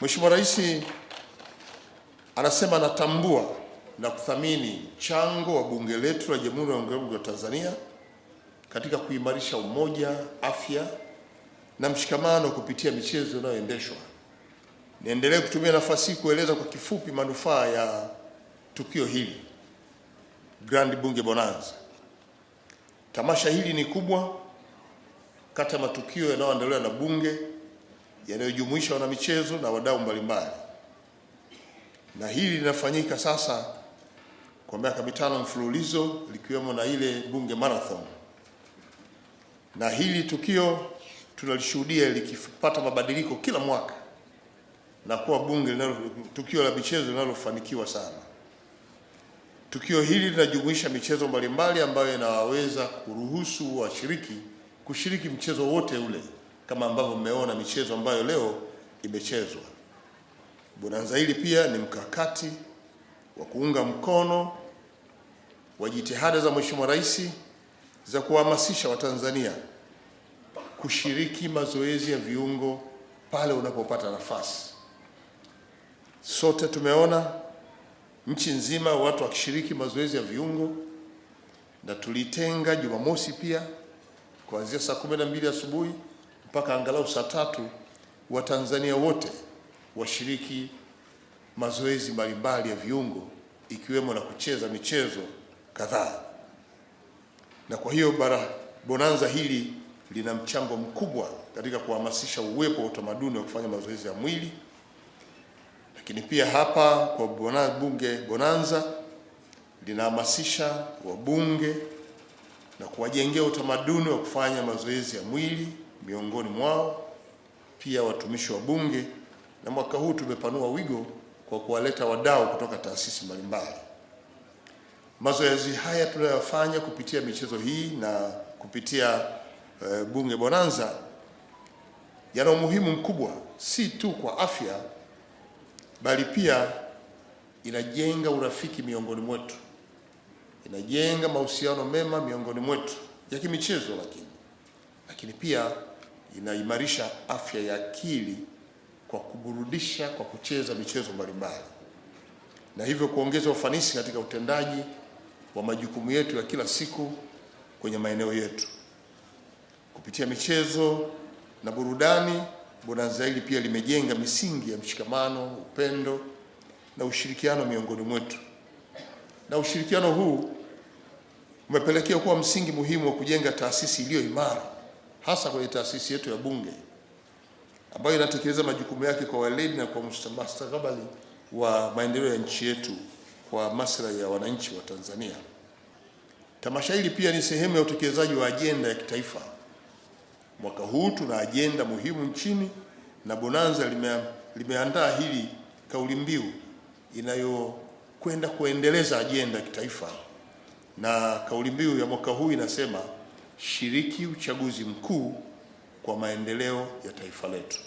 Mheshimiwa Rais anasema anatambua na kuthamini mchango wa bunge letu la Jamhuri ya Muungano wa Tanzania katika kuimarisha umoja, afya na mshikamano kupitia michezo inayoendeshwa. Niendelee kutumia nafasi hii kueleza kwa kifupi manufaa ya tukio hili Grand Bunge Bonanza. Tamasha hili ni kubwa kati ya matukio yanayoandaliwa na bunge yanayojumuisha wanamichezo na wadau mbalimbali, na hili linafanyika sasa kwa miaka mitano mfululizo likiwemo na ile Bunge Marathon, na hili tukio tunalishuhudia likipata mabadiliko kila mwaka na kuwa bunge linalo tukio la michezo linalofanikiwa sana. Tukio hili linajumuisha michezo mbalimbali ambayo inaweza kuruhusu washiriki kushiriki mchezo wote ule kama ambavyo mmeona michezo ambayo leo imechezwa. Bonanza hili pia ni mkakati wa kuunga mkono wa jitihada za Mheshimiwa Rais za kuhamasisha Watanzania kushiriki mazoezi ya viungo pale unapopata nafasi. Sote tumeona nchi nzima watu wakishiriki mazoezi ya viungo, na tulitenga Jumamosi pia kuanzia saa kumi na mbili asubuhi mpaka angalau saa tatu Watanzania wote washiriki mazoezi mbalimbali ya viungo ikiwemo na kucheza michezo kadhaa. Na kwa hiyo bara bonanza hili lina mchango mkubwa katika kuhamasisha uwepo wa utamaduni wa kufanya mazoezi ya mwili, lakini pia hapa kwa bonanza, bunge bonanza linahamasisha wabunge na kuwajengea utamaduni wa kufanya mazoezi ya mwili miongoni mwao pia watumishi wa Bunge, na mwaka huu tumepanua wigo kwa kuwaleta wadau kutoka taasisi mbalimbali. Mazoezi haya tunayofanya kupitia michezo hii na kupitia e, Bunge Bonanza yana umuhimu mkubwa si tu kwa afya, bali pia inajenga urafiki miongoni mwetu, inajenga mahusiano mema miongoni mwetu ya kimichezo, lakini lakini pia inaimarisha afya ya akili kwa kuburudisha kwa kucheza michezo mbalimbali, na hivyo kuongeza ufanisi katika utendaji wa majukumu yetu ya kila siku kwenye maeneo yetu. Kupitia michezo na burudani, bonanza hili pia limejenga misingi ya mshikamano, upendo na ushirikiano miongoni mwetu, na ushirikiano huu umepelekea kuwa msingi muhimu wa kujenga taasisi iliyo imara hasa kwenye taasisi yetu ya Bunge ambayo inatekeleza majukumu yake kwa weledi na kwa mustakabali wa maendeleo ya nchi yetu kwa maslahi ya wananchi wa Tanzania. Tamasha hili pia ni sehemu ya utekelezaji wa ajenda ya kitaifa. Mwaka huu tuna ajenda muhimu nchini na Bonanza lime, limeandaa hili kauli mbiu inayokwenda kuendeleza ajenda ya kitaifa, na kauli mbiu ya mwaka huu inasema shiriki uchaguzi mkuu kwa maendeleo ya taifa letu.